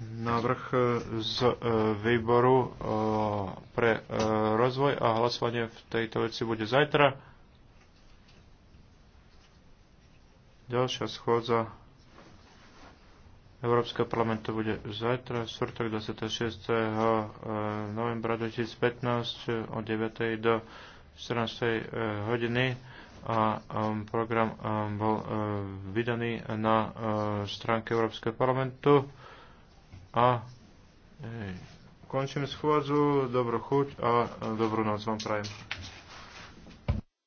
návrh e, z e, výboru e, pre rozvoj a hlasovanie v tejto veci bude zajtra. Ďalšia schôdza Európskeho parlamentu bude zajtra, štvrtok 26. novembra 2015 od 9. do 14. hodiny a program bol vydaný na stránke Európskeho parlamentu. A končím schôdzu, dobrú chuť a dobrú noc vám prajem.